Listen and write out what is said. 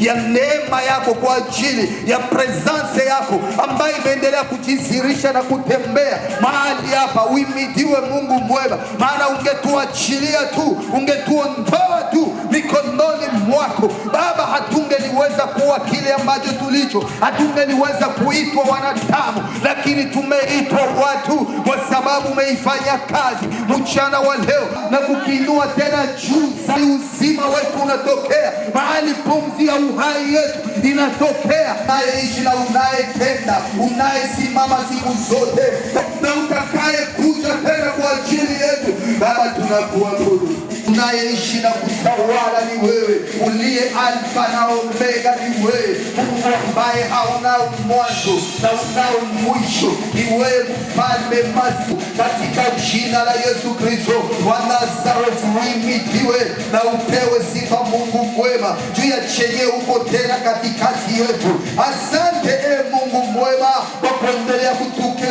ya neema yako, kwa ajili ya presence yako ambayo imeendelea kujizirisha na kutembea mahali hapa. Uimidiwe Mungu mwema, maana ungetuachilia tu, ungetuondoa tu mikononi mwako Baba, hatungeliweza kuwa kile ambacho tulicho, hatungeliweza kuitwa wanadamu, lakini tumeitwa watu kwa sababu umeifanya kazi mchana wa leo na kukiinua tena juu unatokea mahali pumzi ya uhai yetu inatokea, unayeishi na unayetenda, unayesimama siku zote na utakaye kuja tena kwa ajili yetu. Baba, tunakuabudu. Unayeishi na kutawala ni wewe, uliye Alfa na Omega ni wewe, Mungu ambaye haunao mwanzo na unao mwisho, ni wewe mfalme masu Katika jina la Yesu Kristo wa Nazareti, uimidiwe na upewe mwema, juu ya chenye uko tena katikati yetu. Asante e Mungu mwema kwa kuendelea kutukira